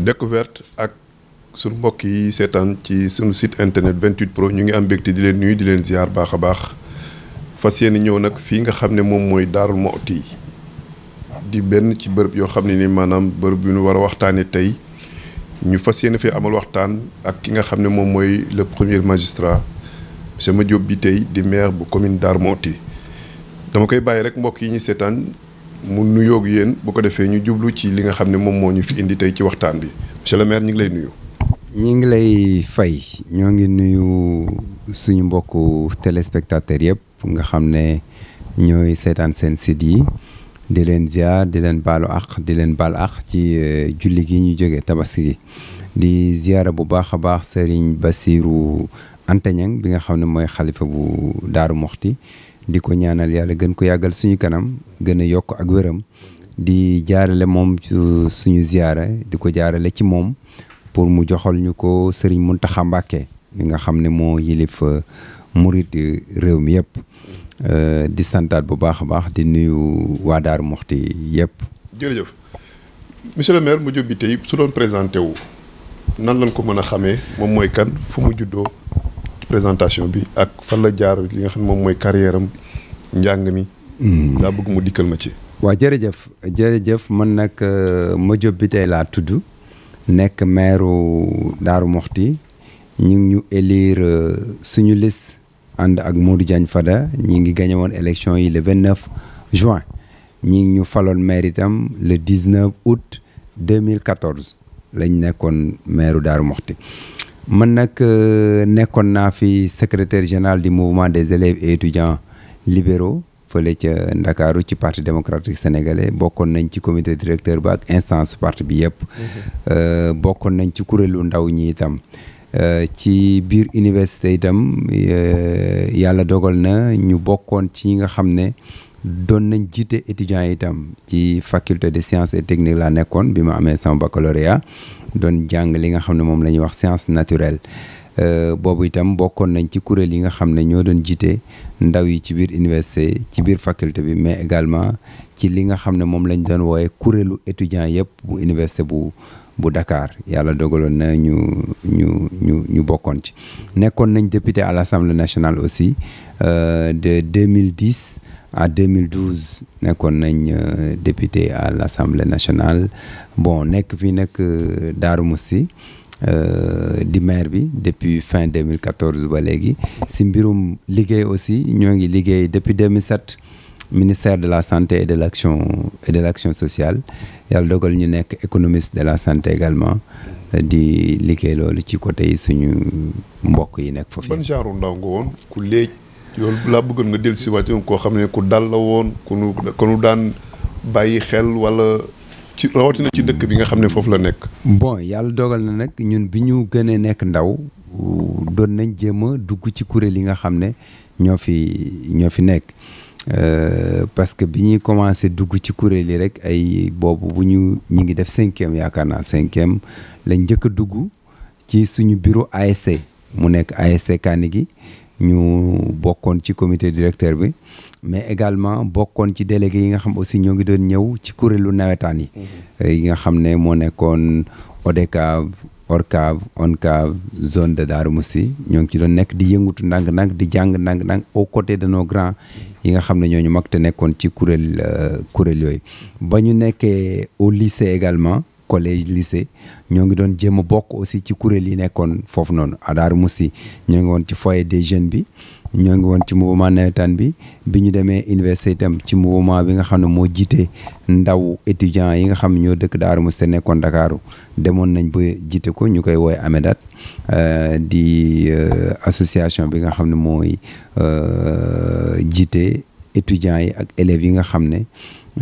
découverte ak suñu mbokk yi seetaan ci suñu site internet 28 pro ñu ngi am mbégte di leen nuyu di leen ziar baax a baax fas yéene ñëw nag fii nga xam ne moom mooy Darou Mouhty di benn ci bërëb yoo xam ne ni maanaam bërëb yu ñu war a waxtaanee tey ñu fas yéene fi amal waxtaan ak ki nga xam ne moom mooy le premier magistrat monsieur bi tey di maire bu commune Darou Mouhty dama koy bàyyi rek mbokk yi ñu seetaan. mu nuyoog yéen boo ko defee ñu jublu ci li nga xam ne moom moo ñu fi indi tey ci waxtaan bi monsieur le maire ñu ngi lay ñi ngi lay fay ñoo ngi nuyu suñu mbokku téléspectateurs yëpp nga xam ne ñooy seetaan seen site yi di leen ziar di leen baalu àq di leen baal ak ci euh, julli gi ñu jógee tabaski gi di ziara bu baax a baax Serigne basiiru Antañang bi nga xam ne mooy xalifa bu Daaru Moxti di ko ñaanal yàlla gën ko yàggal suñu kanam gën a yokk ak wéram di jaarale moom suñu ziyaara di ko jaarale ci moom pour mu joxal ñu ko Serigne Mountakha Mbacké mi nga xam ne moo yilif euh, murit réew mi yëpp euh, di santaat bu baax a baax di nuyu waa Daaru moxti yëpp jërëjëf monsieur le maire mu jóbbi tey su doon présenté wu nan lañ ko mën a xamee moom mooy kan fu mu juddoo présentation bi ak fan la jaar li nga xam moom mooy carrière am njàng mi. Hmm. daa bëgg mu dikkal ma ci. waa jërëjëf jërëjëf man nag euh, Madiop Bitèye laa tudd nekk maire Daaru Moxti ñu ngi ñu élire euh, suñu liste ànd ak Modou Diagne Fada ñi ngi gagné woon élection yi le 29 juin ñi ngi ñu faloon maire itam le 19 août 2014 lañ nekkoon maire Daaru Moxti man nag euh, nekkoon naa fi secrétaire général du mouvement des élèves et étudiants libéraux fële ca Ndakaaru ci parti démocratique sénégalais bokkoon nañ ci comité directeur bi ak instance parti bi yëpp. Mhm. Euh, bokkoon nañ ci kuréelu ndaw ñi itam. Euh, ci biir université itam euh, yàlla dogal na ñu bokkoon ci ñi nga xam ne doon nañ jiite étudiants itam ci faculté de sciences et techniques laa nekkoon bi ma amee sama baccalauréat doon jàng li nga xam ne moom la ñuy wax science naturelle. Euh, boobu itam bokkoon nañ ci kuréel yi nga xam ne ñoo doon jiite ndaw yi ci biir université ci biir faculté bi mais également ci li nga xam ne moom lañ doon wooye kuréelu étudiant yëpp bu université bu bu Dakar yàlla dogaloon na ñu ñu ñu ñu bokkoon ci nekkoon nañ député à l'Assemblée national aussi euh, de 2010 à 2012 nekkoon nañ euh, député à l'Assemblée national bon nekk fii nag Darou Moussi Euh, di maire bi depuis fin 2014 ba léegi si mbirum liggéey aussi ñoo ngi liggéey depuis 2007 ministère de la santé et de l'action sociale yàlla dogal ñu nekk économiste de la santé également di liggéey loolu ci côté yi suñu mbokk yi nekk foofu. ban genre ndaw nga woon ku léegi loolu laa bëggoon nga dellu si waat koo xam ne ku dal la woon ku nu daan bàyyi xel wala. ci rawatina ci dëkk bi nga xam ne foofu la nekk. bon yàlla dogal na nag ñun bi ñu gënee nekk ndaw doon nañ jéem a dugg ci kuréel yi nga xam ne ñoo fi ñoo fi nekk euh, parce que bi ñuy commencé dugg ci kuréel yi rek ay boobu bu ñu ñu ngi def cinquième yaakaar naa cinquième lañ njëkk a dugg ci suñu bureau ASC mu nekk ASC Kanigui gi ñu bokkoon ci comité directeur bi mais également bokkoon ci délégué yi nga xam aussi ñoo ngi doon ñëw ci kuréelu nawetaan yi mm-hmm. yi nga xam ne moo nekkoon ODCAV ORCAV zone de Darou Moussi ñoo ngi ci doon nekk di yëngutu ndànk-ndànk di jàng ndànk-ndànk au côté de nos grands mm-hmm. yi nga xam ne ñooñu mag te nekkoon ci kuréel euh, kuréel yooyu ba ñu nekkee au lycée également collège lycée ñoo ngi doon jéem a bokk aussi ci kuréel yi nekkoon foofu noonu Adar Moussi ñoo ngi woon ci foyer des jeunes bi ñoo ngi woon ci mouvement nawetaan bi bi ñu demee université itam ci mouvement bi nga xam ne moo jiite ndaw étudiants yi nga xam ñoo dëkk Darou Mousty nekkoon Dakaaru demoon nañ ba jiite ko ñu koy woowee Amedat euh, di euh, association bi nga xam ne mooy euh, jiite étudiants yi ak élèves yi nga xam ne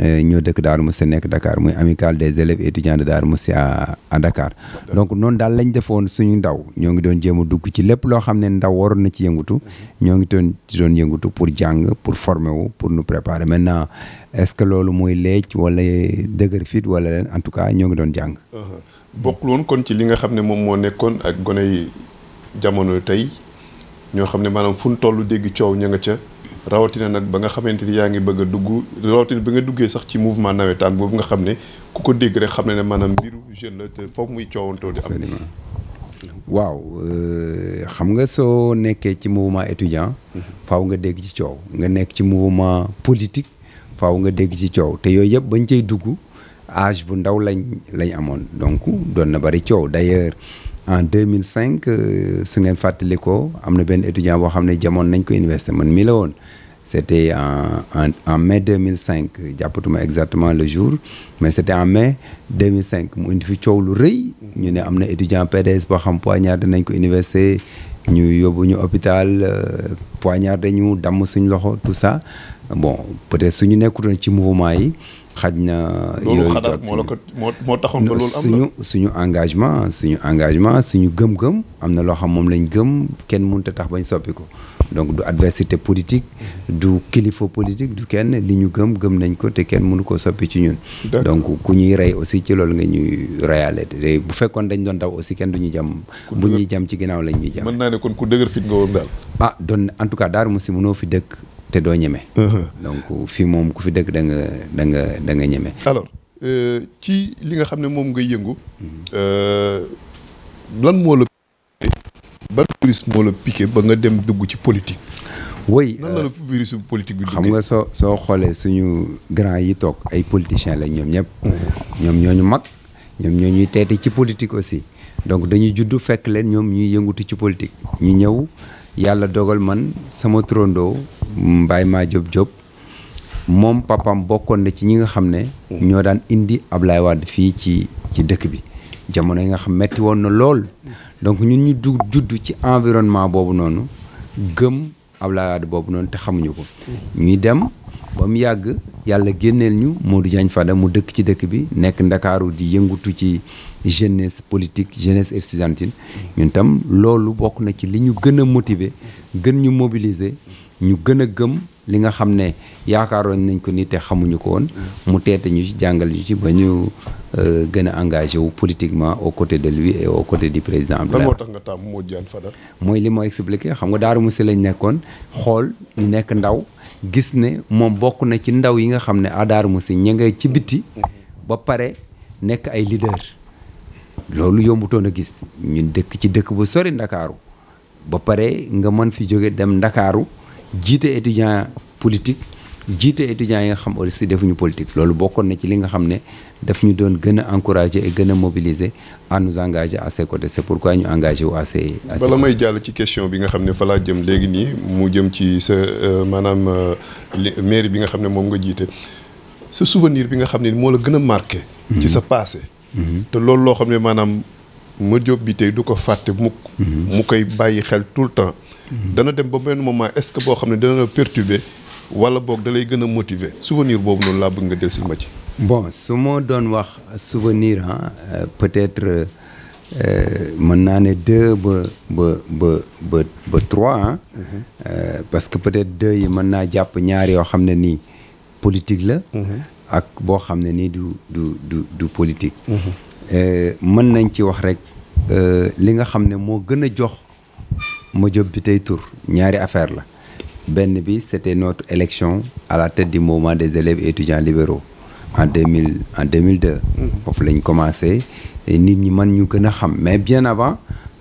Eh, ñoo dëkk Darou Mousty nekk Dakar muy amicale des élèves étudiants de Darou Mousty à à Dakar donc noonu daal lañ defoon suñu ndaw ñoo ngi doon jéem a dugg ci lépp loo xam ne ndaw waroon na ci yëngutu mhm. ñoo ngi doon doon yëngutu pour jàng pour former wu pour nous préparer maintenant est-ce que loolu mooy leec wala dëgër fit wala leen en tout cas ñoo ngi doon jàng. Uh-huh. bokkul woon kon ci li nga xam ne moom moo nekkoon ak gone yi jamono tey ñoo xam ne maanaam fu ñu toll dégg coow ña nga ca. rawatina nag ba nga xamante ni yaa ngi bëgg a dugg rawatina bi nga duggee sax ci mouvement nawetaan boobu nga xam ne ku ko dégg rek xam ne ne maanaam mbiru jeune la te foofu muy coowantoo di am waaw euh, xam nga soo nekkee ci mouvement étudiant faw nga dégg ci coow nga nekk ci mouvement politique faw nga dégg ci coow te yooyu yëpp bañ cay dugg âge bu ndaw lañ lañ amoon donc doon na bari coow d'ailleurs en 2005 euh, su ngeen fàttalikoo am na benn étudiant boo xam ne jamoon nañ ko université man mii la woon c' était en en en mai 2005 jàppatuma exactement le jour mais c' était en mai 2005 mu indi fi coow lu rëy ñu ne am na étudiant PDS boo xam poignardé nañ ko université ñu yóbbu ñu hôpital euh, poignardé ñu damm suñ loxo tout ça bon peut-être suñu nekkutoon ci mouvement yi. xaj na. yooyu xanaa moo la moo taxoon ba suñu suñu engagement suñu engagement suñu gëm-gëm am na loo xam moom lañ gëm kenn mun a tax bañ soppi ko donc du adversité politique du kilifa politique du kenn li ñu gëm gëm nañ ko te kenn munu ko soppi ci ñun. donc ku ñuy rey aussi ci loolu nga ñuy reyaale te bu fekkoon dañ doon daw aussi kenn du ñu jam. bu ñuy jam ci ginnaaw lañ ñuy jam. mën naa kon ku dëgër fit nga woon daal. ah doon en tout cas Darou Mousty mënoo fi dëkk. te doo ñeme. Uh-huh. donc fi moom ku fi dëkk da nga da da nga ñeme. alors euh, ci li nga xam ne moom ngay yëngu. Mm-hmm. Euh, lan moo la. ban virus moo la ba nga dem dugg ci politique. woy nan la la euh, virus bi xam nga soo soo xoolee suñu grand yi toog ay politiciens lañ ñoom ñëpp. Mm-hmm. ñoom ñoo ñu mag ñoom ñoo ñuy teete ci politique aussi donc dañuy juddu fekk leen ñoom ñuy yëngutu ci politique. ñu ñëw yàlla dogal man sama trondoo Mbaye maa Diop Diop moom papam bokkoon na ci ñi nga xam ne. ñoo daan indi Ablaye Wade fii ci ci dëkk bi jamono yi nga xam metti woon na lool donc ñun ñu du judd ci environnement boobu noonu gëm Ablaye Wade boobu noonu te xamuñu ko. ñuy dem ba mu yàgg yàlla génneel ñu moo Modou Diagne Fada mu dëkk ci dëkk bi nekk ndakaaru di yëngutu ci jeunesse politique jeunesse estudiantine ñun tam loolu bokk na ci li ñu gën a motiver gën ñu mobiliser. ñu gën a gëm li nga xam ne yaakaaroon nañ ko ni te xamuñu ko woon mm. mu teete ñu ci jàngal ñu ci ba ñu euh, gën a engagé wu politiquement au côté de lui au côté di président Abdoulaye lan moo tax nga tàmm moo jaan Fada mooy li moo expliqué xam nga Daaru Musi lañ nekkoon xool ñu nekk ndaw gis ne moom bokk na ci ndaw yi nga xam ne à Daaru Musi ña nga ci bitti mm-hmm. ba pare nekk ay leader loolu yombutoon a gis ñu dëkk ci dëkk bu sori ndakaaru ba pare nga mën fi jóge dem ndakaaru jiite étudiant politique jiite étudiants yi nga xam aussi defuñu politique loolu bokkoon na ci li nga xam ne daf ñu doon gën a encourager et gën a mobiliser à nous engager à ses côtés c'est pourquoi ñu engagé wu à ses may jàll ci question bi nga xam ne fa jëm léegi nii mu jëm ci sa euh, maanaam euh, mairie bi nga xam ne moom nga jiite sa souvenir bi nga xam ne moo la gën a marqué ci mhm. sa passé mhm. te loolu loo xam ne maanaam ma jóob bi tey du ko fàtte mukk mhm. mu koy bàyyi xel tout le temps dana dem ba benn moment est-ce que boo xam ne dana la perturber wala boog dalay lay gën a motiver souvenir boobu noonu laa bëgg nga dellusi ma ci. bon su moo doon wax souvenir ah peut-être euh, euh, mën naa ne deux ba ba ba ba ba mhm. parce que peut-être deux yi mën naa jàpp ñaar yoo xam ne nii politique la. Mhm. ak boo xam ne nii du du du du politique. Mhm. mën nañ ci wax rek li nga xam ne moo gën a jox. Madiop bi tey tur ñaari affaire la benn bi c'était notre élection à la tête du mouvement des élèves et étudiants libéraux en 2000 en 2002 mm-hmm. foofu lañ commencé nit ñi man ñu gën a xam mais bien avant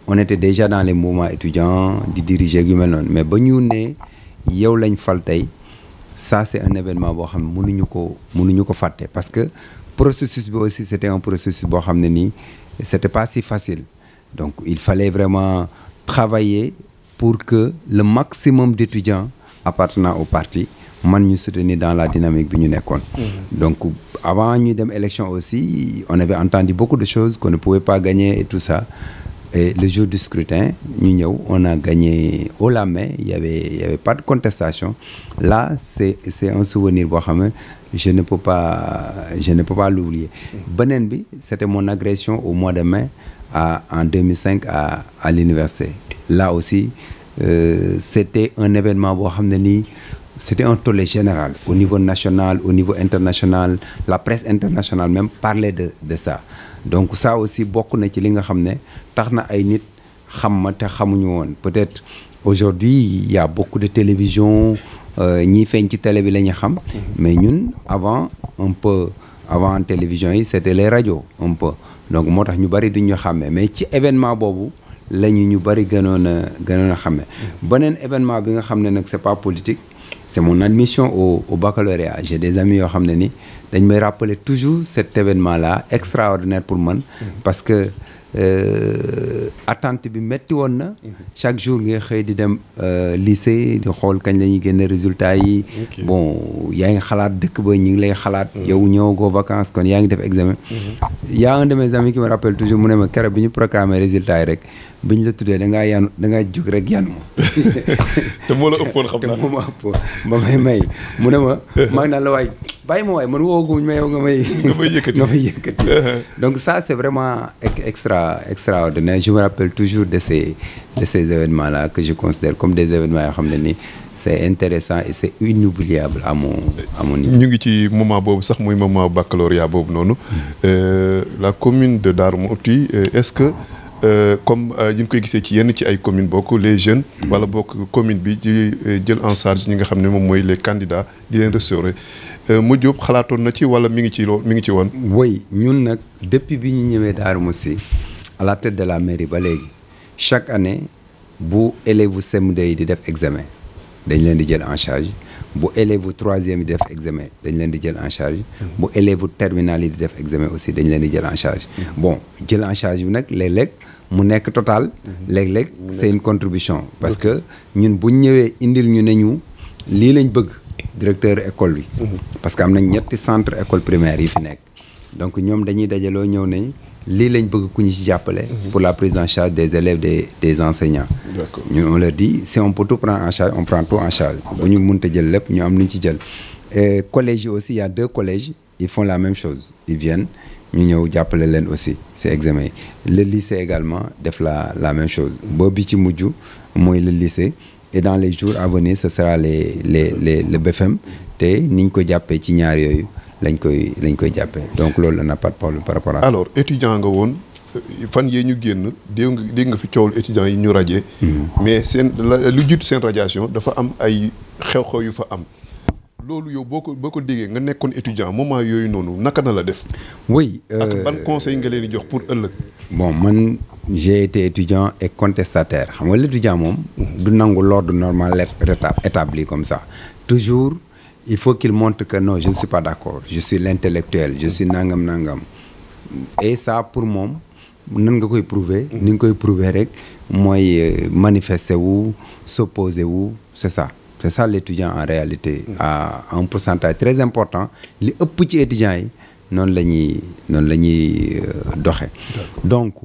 on était déjà dans les mouvements étudiants di diriger yu mel noonu mais ba ñu ne yow lañ fal tey ça c'est un événement boo xam ne mënuñu ko mënuñu ko fàtte parce que processus bi aussi c'était un processus boo xam ne nii c'était pas si facile donc il fallait vraiment travailler pour que le maximum d'étudiants appartenant au parti man ñu soutenir dans la dynamique bi ñu nekkoon. Mhm. donc avant ñu dem élection aussi on avait entendu beaucoup de choses qu'on ne pouvait pas gagner et tout ça et le jour du scrutin ñu ñëw on a gagné haut la main il avait pas de contestation là c'est c'est un souvenir boo xam ne je ne peux pas je ne peux pas l'oublier beneen bi c'était mon agression au mois de mai à en 2005 à à l'université là aussi euh, c' était un événement boo xam ne nii c' était un tollé général au niveau national au niveau international la presse international même parler de de ça donc ça aussi bokk na ci li nga xam ne tax na ay nit xam ma te xamuñu woon peut-être aujourd'hui il y a beaucoup de télévision euh, ñiy feeñ ci télé bi la ñu xam mais ñun avant un peu avant télévision yi c' était les radios un peu donc moo tax ñu bëri duñu xàmmee mais ci événement boobu la ñu ñu bëri gënoon a gënoon a xame événement bi nga xam ne nag c'est pas politique c'est mon admission au au baccalauréat j'ai des amis yoo xam ne ni dañ may rappeler toujours cet événement là extraordinaire pour man parce que euh, attente bi metti woon na chaque jour nga xëy di dem euh, lycée di xool kañ la ñuy génne résultat yi bon yaa ngi xalaat dëkk ba ñu ngi lay xalaat mm. yow ñëw goo vacances kon yaa ngi def examen mm-hmm. y'a un de mes amis qui me toujours mu ne ma keroog bi ñu programmé résultat yi rek biñ la tuddee da ngaa yanu da ngaa jóg rek yanu te moo la ëppoon xam naa te moo ma ëppoon ba may mu ne ma. maa la waay bàyyi ma waay man wooguñ ma yow nga may. nga may yëkkati nga may yëkkati. Uh-huh. donc ça c' est vraiment extra extraordinaire je me rappelle toujours de ces de ces événements là que je considère comme des événements yoo xam ne ni. c' est intéressant et c' est inoubliable à mon ñu ngi ci moment boobu sax muy moment baccalauréat boobu noonu mm. euh, la commune de Darou Mouhty euh, est ce que. Euh, comme euh, ñu ngi koy gisee ci yenn ci ay commune bokk les jeunes mm-hmm. wala bokk commune bi ci euh, jël en charge ñi nga xam ne moom mooy les candidats di leen restaurer mu Diop xalaatoon na ci wala mu ngi ci loo mi ngi ci woon oui ñun nag depuis bi ñu ñëwee Darou Moussi à la tête de la mairie ba léegi chaque année bu élève CM2 yi di def examen dañ leen di jël en bu élève troisième yi di def examen dañ leen di jël en charge bu élève mm-hmm. terminale yi di def examen aussi dañ leen di jël mm-hmm. bon jël bi nag léeg-léeg mu nekk total. Mhm. léeg-léeg c'est une contribution. parce que ñun bu ñëwee indil ñu ne ñu lii lañ bëgg directeur école bi. Mhm. parce que am na ñetti centre école primaire yi fi nekk. donc ñoom dañuy dajaloo ñëw nañ lii lañ bëgg ku ñu ci jàppale. Mhm. pour la prise en charge des élèves des des enseignants. d'accord ñu on leur dit si on peut tout prendre en charge on prend tout en charge. bu ñu mënta jël lépp ñu am lu ñu ci jël. collège yi aussi il deux collèges ils font la même chose ils viennent. ñu ñëw jàppale leen aussi si examen yi le lycée également def la la même chose boo bi ci mujj mooy le lycée et dans les jours à venir ce sera les les le BFM e te ni ñu ko jàppee ci ñaar yooyu lañ koy lañ koy jàppee donc loolu n'a pas de problème par rapport à alors étudiant nga woon fan yee ñu génn dégg nga dégg nga fi coowlu étudiants yi ñu rajee hmm. mais seen lu jiitu seen radiation dafa am ay xew-xew yu fa am. loolu yow boo ko boo ko nga nekkoon étudiant moment yooyu noonu naka na la def. oui ak ban euh, conseil nga leen di jox pour ëllëg. bon man j'ai été étudiant et contestataire xam nga l'étudiant moom. Mhm. du nangu l'ordre normal établi comme ça toujours il faut qu'il monte que no je ne suis pas d'accord je suis l'intellectuel je suis nangam nangam et ça pour moom. nan nga koy prouver mhm. ni nga koy prouver rek mooy euh, manifester wu s'opposer wu c'est ça c'est ça l'étudiant en réalité à un pourcentage très important li ëpp ci étudiants yi noonu la ñuy noonu la ñuy euh, doxe donc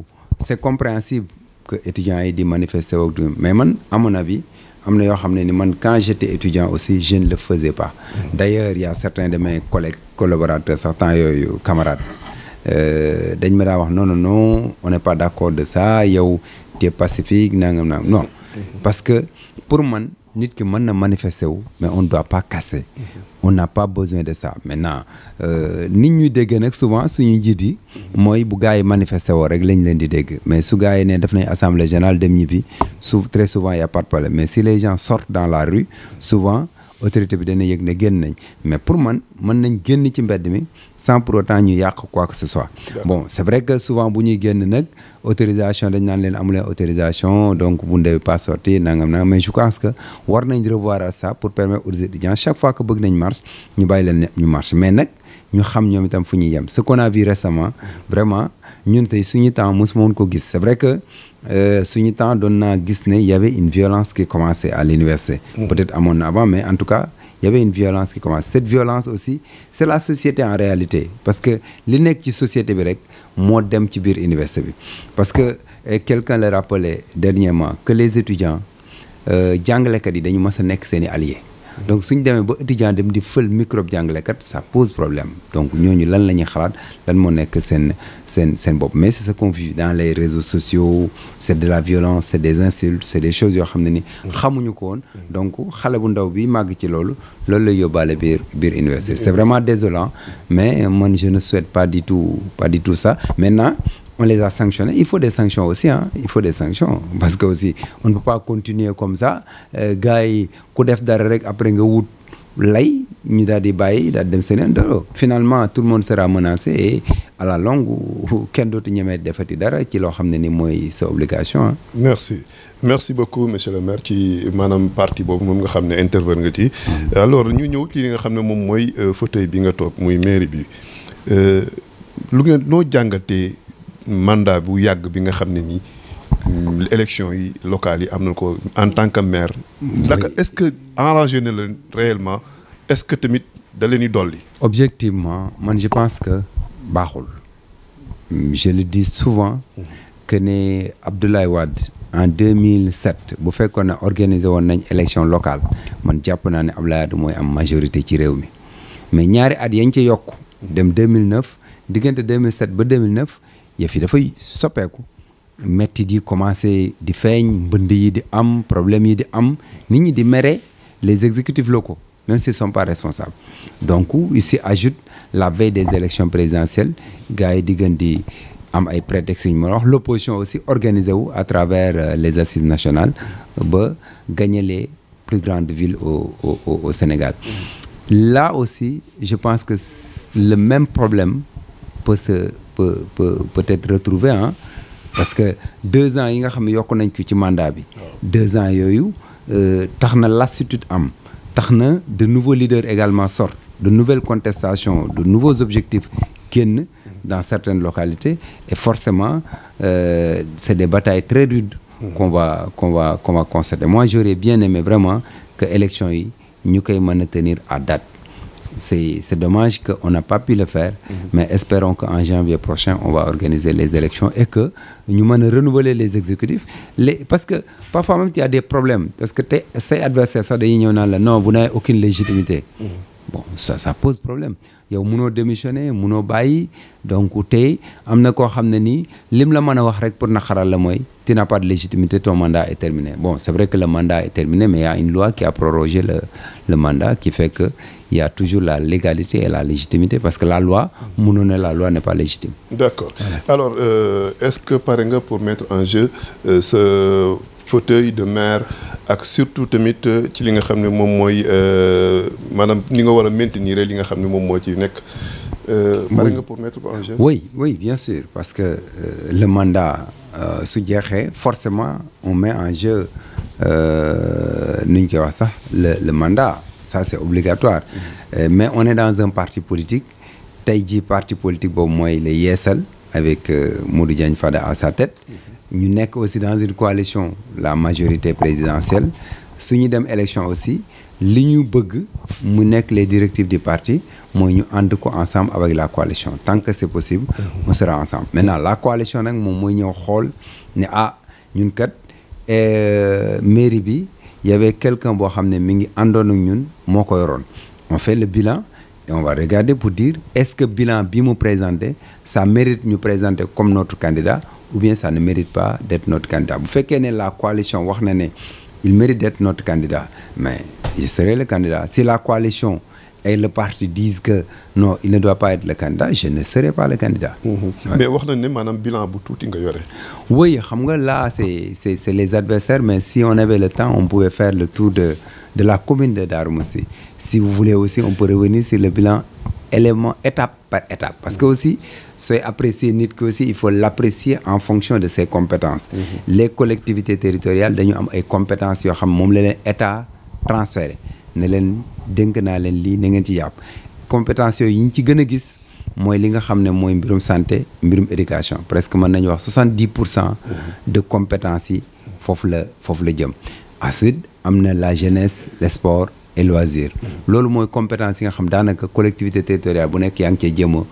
c'est compréhensible que étudiants yi di manifester wak du mais man à mon avis am na yoo xam ne ni man quand j'étais étudiant aussi jeune ne le faisais pas hmm. d'ailleurs il y a certains de mes collègues collaborateurs certains yooyu camarades euh, dañ ma daa wax non non non on n'est pas d'accord de ça yow t'es pacifique nangam nangam non hmm. parce que pour man nit ki mën na manifester wu mais on ne doit pas casser mhm. on n'a pas besoin de ça maintenant euh, nit ñuy déggee nag souvent suñu njiit yi mooy bu gars yi manifester woo rek lañ leen di dégg mais su gars yi nee def nañ assemblée générale dem ñibbi su très souvent y a pas mais si les gens sortent dans la rue souvent autorité bi dana yëg ne génn nañ mais pour man mën nañ génn ci mbedd mi sans pour autant ñu yàq quoi que ce soit bon c'est vrai que souvent bu ñuy génn nag autorisation dañ naan leen amuleen autorisation donc bu ndee pas sorti nangam nangam mais je pense que war nañ revoir à ça pour permettre aux chaque fois que bëgg nañ marche ñu bàyyi leen ñu marche mais nag ñu xam ñoom itam fu ñuy yem ce qu'on a vu récemment vraiment ñun tey suñu temps mos moon ko gis c'est vrai que Euh, suñu temps doon naa gis ne y avait une violence qui commençait à l'université mm. peut amoon na avant mais en tout cas y avait une violence qui commence cette violence aussi c'est la société en réalité parce que li nekk ci société bi rek moo dem ci biir université bi parce que euh, quelqu'un l'a rappelé dernièrement que les étudiants euh, jàngalekat yi dañu mës a nekk seeni alliés donc suñ demee ba étudiant dem di fël microbe jàngalekat ça pose problème donc ñooñu lan la ñuy xalaat lan moo nekk seen seen seen bopp mais c'est ce dans les réseaux sociaux c'est de la violence c'est des insultes c'est des choses yoo xam ne ni xamuñu ko woon donc xale bu ndaw bi màgg ci loolu loolu lay yóbbaale biir biir université c'est vraiment désolant mais man je ne souhaite pas du tout pas du tout on les a sanctionnés. Il faut des sanctions aussi, hein. Parce que aussi, on ne peut continuer comme ça. Euh, gars yi ku def dara rek après nga wut lay ñu daal di bàyyi daal dem seen doro finalement tout le monde sera menacé et la longue kenn dootu ñemee defati dara ci loo xam ne ni mooy sa obligation merci beaucoup monsieur le maire maanaam parti boobu moom nga xam ne intervenir nga ci mm-hmm. alors ñu ñëw ci li nga xam ne moom mooy euh, fauteuil bi nga toog muy mairie bi euh, lu ngeen noo jàngatee mandat bu yàgg bi nga xam ne nii mm, élection yi locales yi am na ko en tant que maire. naka est-ce que arrangé na leen réellement est-ce que tamit da leen di dolli. objectivement man je pense que baaxul. je le dis souvent. que ne Abdoulaye Wade en 2007 bu fekkoon ne organiser woon nañ élection locale man jàpp naa ne Abdoulaye Wade mooy am majorité ci réew mi mais ñaari at yañ ca yokk. dem 2009 diggante 2007 ba 2009. yëf yi dafay soppeeku métti di commencé di feeñ mbënd yi di am problème yi di am nit ñi di mere les exécutifs locaux même s'ils sont pas responsables donc ici ajoute la veille des élections présidentielles gars yi di gën di am ay prétextes yu ñu mën a l'opposition aussi organisé wu à travers euh, les assises nationales ba gagner les plus grandes villes au au au Sénégal là aussi je pense que le même problème peut se peut peut peut-être retrouver ah parce que deux ans yi nga xam ne yokk nañ ko ci mandat bi deux ans yooyu euh, tax na lassitude am tax na de nouveaux leaders également sortent de nouvelles contestation de nouveaux objectifs génn dans certaines localités et forcément euh, c'est de batailles très rudes qu'on va qu'on va qu'on va constater moi j'aurais bien aimé vraiment que élection yi ñu koy mën a tenir à date C'est dommage qu'on n'a pas pu le faire, mhm. mais espérons qu'en janvier prochain, on va organiser les élections et que nous allons renouveler les exécutifs. Les, parce que parfois même, il des problèmes. Parce que ces adversaires, ça, non, vous n'avez aucune légitimité. Mmh. Bon, ça, ça pose problème. yow munoo démissionner munoo bàyyi donc tey am na koo xam ne nii lim la mën a wax rek pour naxaral la mooy tu n'as pas de légitimité ton mandat est terminé bon c'est vrai que le mandat est terminé mais il y a une loi qui a prorogé le le mandat qui fait que il toujours la légalité et la légitimité parce que la loi munoon ne la loi n'est pas légitime. d'accord alors euh, est-ce que pare pour mettre en jeu euh, fauteuil de maire ak surtout tamit euh, ci li nga xam ne moom mooy euh, maanaam ni nga war a maintenir li nga xam ne moom moo ci nekk. Euh, pare nga pour mettre ko en jeu. oui oui bien sûr parce que le mandat su jeexee forcément on met en jeu nu ñu koy wax sax le le mandat ça c'est obligatoire mm-hmm. mais on est dans un parti politique tey jii parti politique boobu mooy le yeesal. avec euh, Modou Diagne Fada à sa tête ñu nekk aussi dans une coalition la majorité présidentielle su ñu dem élection aussi li ñu bëgg mu nekk le directives du partie mooy ñu ànd ko ensemble avec la coalition tant que c'est possible mhm. on sera ensemble maintenant la coalition nag moom mooy ñëw xool ne ah ñun kat euh, mairie bi y avait quelqu'un boo xam ne mi ngi àndoon ak ñun moo ko yoroon on fait le bilan Et on va regarder pour dire est-ce que bilan bi mu présenté ça mérite ñu présenter comme notre candidat ou bien ça ne mérite pas d'être notre candidat bu fekkee ne la coalition wax na ne il mérite d'être notre candidat mais je serai le candidat si la coalition et le parti disent que non il ne doit pas être le candidat je ne serai pas le candidat. Mhm. mais wax nañ ne maanaam bilan bu tuuti nga yore. oui xam nga la c'est c'est c'est les adversaires mais si on avait le temps on pouvait faire le tour de de la commune de daar Moussi si vous voulez aussi on peut revenir sur le bilan élément étape par étape parce que aussi sooy apprécier nit ki aussi il faut l'apprécier en fonction de ses compétences mhm. les collectivités territoriales dañu am ay compétences yoo xam moom la leen état ne leen dénk naa leen lii na ngeen ci yàpp compétence yooyu yi ñu ci gën a gis mooy li nga xam ne mooy mbirum santé mbirum éducation presque mën nañu wax soixante dix pour cent de compétence yi foofu la foofu la jëm ensuite am na la jeunesse le sport et loisir loolu mooy compétence yi nga xam daanaka collectivité territoriale bu nekk yaa ngi cee jëm a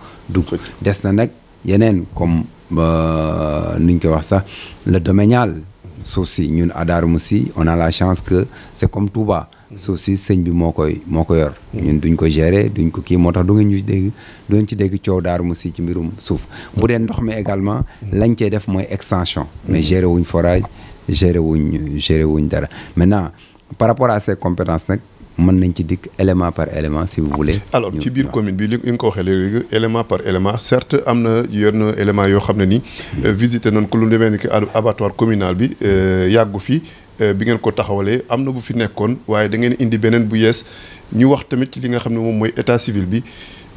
des na nag yeneen comme euh, nuñ koy wax sax le domanial suuf si ñun à Darou Mousty on a la chance que c'est comme Touba suuf si sëñ bi moo koy moo ko yor ñun duñ ko gérer duñ ko kii moo tax du ngeen ñu dégg duñ ci dégg coow daaru mu si ci mbirum suuf bu dee ndox mi également lañ cee def mooy extention mais gérer wuñ forage gérer wuñ gérer wuñ dara maintenant par rapport à ces compétences nag mën nañ ci dikk élément par élément si vous voulez. alors ci biir commune bi li nga ko waxee léegi élément par élément certes am na yenn élément yoo xam ne nii mm. visité nañ ko lu demee ni abattoir communal bi euh, yàggu fi Euh, bi ngeen ko taxawalee am na bu fi nekkoon waaye da ngeen indi beneen bu yees ñu wax tamit ci li nga xam ne moom mooy état civil bi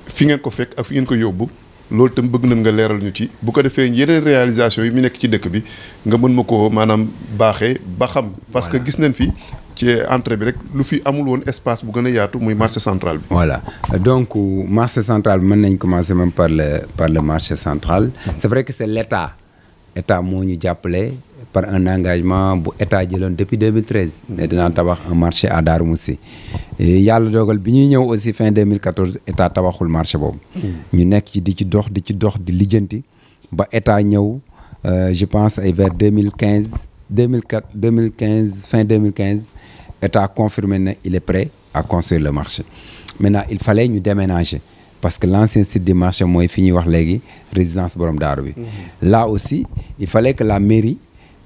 fi ngeen ko fekk ak fi ngeen ko yóbbu loolu tam bëgg nañ nga leeral ñu ci bu ko defee yeneen réalisation yi mu nekk ci dëkk bi nga mën ma ko maanaam baaxee ba xam parce que gis nañ fi ci entrée bi rek lu fi amul woon espace bu gën a yaatu muy marché central bi voilà donc marché centrale mën nañ commencer même par le par le marché central hmm. c'est vrai que c'est l'État état moo ñu jàppale par un engagement bu état jëloon depuis 2013. Mm-hmm. ne dinaa tabax un marché à Darou Moussi. yàlla dogal bi ñuy ñëw aussi fin 2014 état tabaxul marché boobu. Mm-hmm. ñu nekk ci di ci dox di ci dox di lijjanti ba état ñëw euh, je pense ay vers 2015 2004 2015 fin 2015 état confirmé na il est prêt a construire le marché. maintenant il fallait ñu déménager parce que l'ancien site du marché mooy fi ñuy wax léegi résidence borom daaru bi. Mm-hmm. là aussi il fallait que la mairie.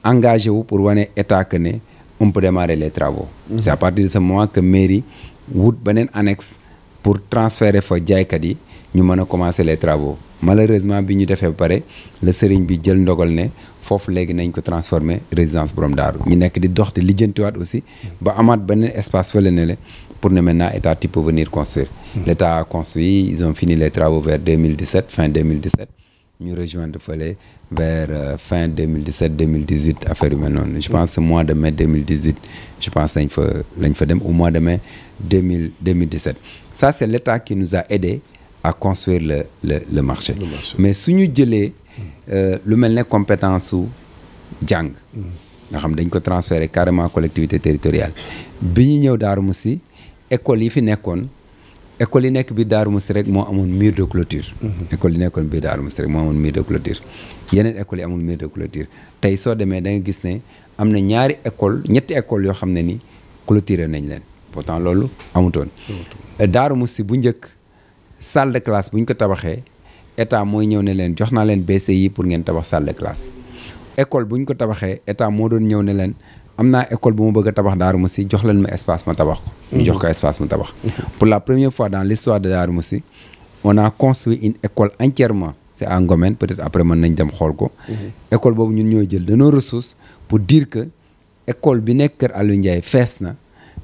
engagé wu pour wane état que ne on peut démarrer les travaux. Mm -hmm. c'est à partir de ce moment que mairie wut beneen annexe pour transférer fa jaaykat yi ñu mën a commencer les malheureusement bi ñu defee ba pare la sëriñ bi jël ndogal ne foofu léegi nañ ko transformer résidence borom daaru ñu nekk di dox di lijjantiwaat aussi ba amaat beneen espace fële ne le pour ne maintenant état type venir construire. Mhm. l' état a construit ils fini les travaux vers ñu rejoindre fële vers euh, fin 2017 2018 affaire yu mel noonu je pense mois de mai 2018 je pense lañ fa lañ fa dem au mois de mai 2000 2017 ça c' est l' état qui nous à construire le le le marché. Le marché. mais suñu jëlee euh, lu mel ne compétence su jàng. nga xam dañ ko transféré carrément collectivité territoriale bi ñu ñëw daar Moussi école yi fi nekkoon. école yi nekk bi Darou Mousty rek moo amoon mur de clôture. Mhm. école yi nekkoon biir Darou Mousty rek moo amoon mur de clôture yeneen école yi amul mur de clôture tey soo demee danga gis ne am na ñaari école ñetti école yoo xam ne ni clôturé nañ leen pourtant loolu amutoon. Darou Mousty bu njëkk salle de classe bu ñu ko tabaxee état mooy ñëw ne leen jox naa leen yi pour ngeen tabax salle de classe école bu ñu ko tabaxee état moo doon ñëw ne leen am naa école bu ma bëgg a tabax Darou Moussi jox leen ma espace ma tabax ko. ñu jox ko mhm. espace mu tabax. Mhm. pour la première fois dans l'histoire de Darou Moussi on a construit une école entièrement c'est à Ngomène peut-être après mën nañ dem xool ko. Mhm. école boobu ñun ñoo jël de nos ressources pour dire que école bi nekk kër Aliou fees na.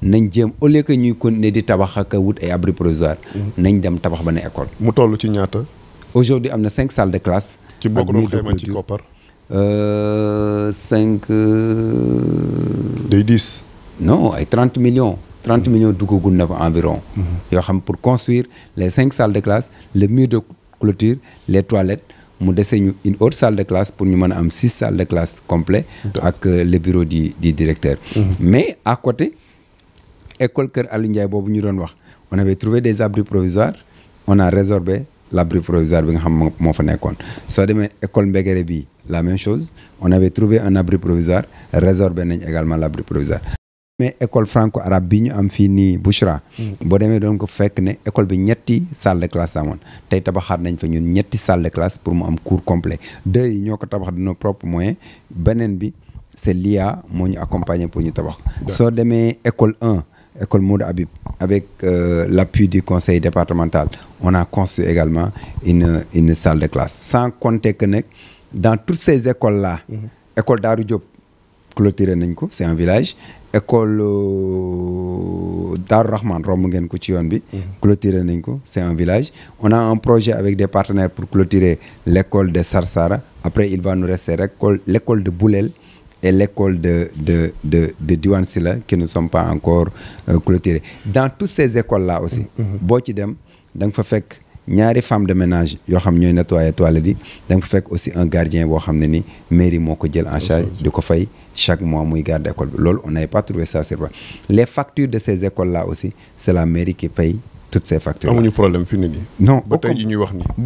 nañ jëm au lieu que ñuy continuer di tabax ak wut ay abri provisoire nañ dem tabax ba ne école. mu toll ci ñaata. aujourd'hui am na cinq salles de classe. ci bokk doon xayma ci koppar Euh, cinq. Euh, day dix. non ay trente millions. trante millions duggagul na fa environ. Mhm. yoo xam pour construire les cinq salles de classe le mur de clôture les toilettes mu dese ñu une autre salle de classe pour ñu mën a am six salles de classe complet ak euh, le bureau du directeur. Mhm. mais à côté école Kër Aliou Ndiaye boobu ñu doon wax on avait trouvé des abris provisoires on a résorbé. l'abri provisoire bi nga xam moo fa nekkoon soo demee école Mbegere bi la même chose on avait trouvé un abri provisoire résorbé nañ également l'abri provisoire mais école franco arabe bi ñu am fii nii Bouchra mm. boo demee doon ko fekk ne école bi ñetti salle de classe amoon tey tabaxaat nañ fa ñun ñetti salle de classe pour mu am cours complet deux ñoo ko tabax de nos propres moyens beneen bi c'est l'IA moo ñu accompagner pour ñu tabax soo demee école 1 école Maud Habib, avec euh, l'appui du conseil départemental, on a construit également une, une salle de classe. Sans compter que dans toutes ces écoles-là, mm-hmm. école Daru Diop, clôturé Nenko, c'est un village, école euh, Daru Rahman, Romungen Kouchionbi, mm -hmm. clôturé Nenko, c'est un village. On a un projet avec des partenaires pour clôturer l'école de Sarsara. Après, il va nous rester l'école de Boulel, et l'école de, de, de, de Diwan Silla qui ne sont pas encore euh, clôturées. Dans toutes ces écoles-là aussi, mm-hmm. Mm-hmm. boo ci dem da nga fa fekk ñaari femme de ménage yoo xam ñooy nettoyer toilette yi da nga fa fekk aussi un gardien boo xam ne ni mairie moo ko jël en charge di ko fay chaque mois muy garde école bi loolu on n'avait pas trouvé les factures de ces écoles aussi c'est la mairie ki paye toutes ces factures amuñu problème fi mu non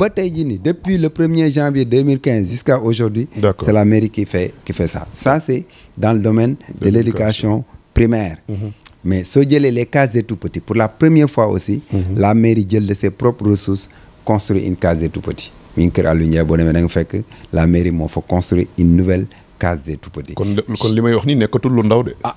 ba tey jii depuis le premier janvier 2015 jusqu'à aujourd'hui d'accord c'est la mairie qui fait qui fait c'est dans le domaine de, l'éducation primaire mm-hmm. mais soo jëlee les cases des tout petits pour la première fois aussi mm-hmm. la mairie jël de ses propres ressources construit une case des tout petits mi kër Aliou Ndiaye boo demee da nga fekk la mairie moo fa construit une nouvelle case des tout petits kon li may wax nii nekkatul lu ndaw de ah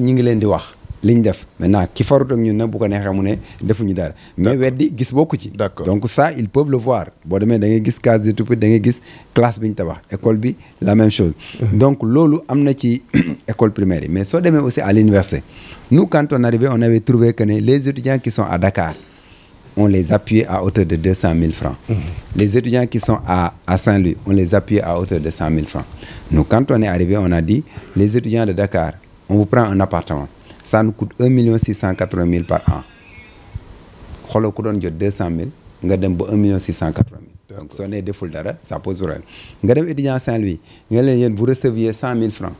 ngi leen di wax liñ def maintenant ki farut ak ñun nag bu ko neexee mu ne defuñu dara mais weddi gis bokku ci donc ça ils peuvent le voir boo demee da ngay gis case de tout da ngay gis classe bi ñu tabax école bi la même chose mmh. donc loolu am na ci école primaire mais soo demee aussi à l'université nous quand on arrivait on avait trouvé que ne les étudiants qui sont à Dakar on les appuyait à hauteur de deux cent mille francs mmh. les étudiants qui sont à à Saint-Louis on les appuyait à hauteur de cent mille francs nous quand on est arrivé on a ça nous coûte un million six cent quatre mille par an xooloo doon jot deux cent mille nga dem ba un million six cent quatre-vingt mille donc sonne nee deful dara ça pose problème nga dem étudiant Saint-Louis nga leen yéen vous cent mille francs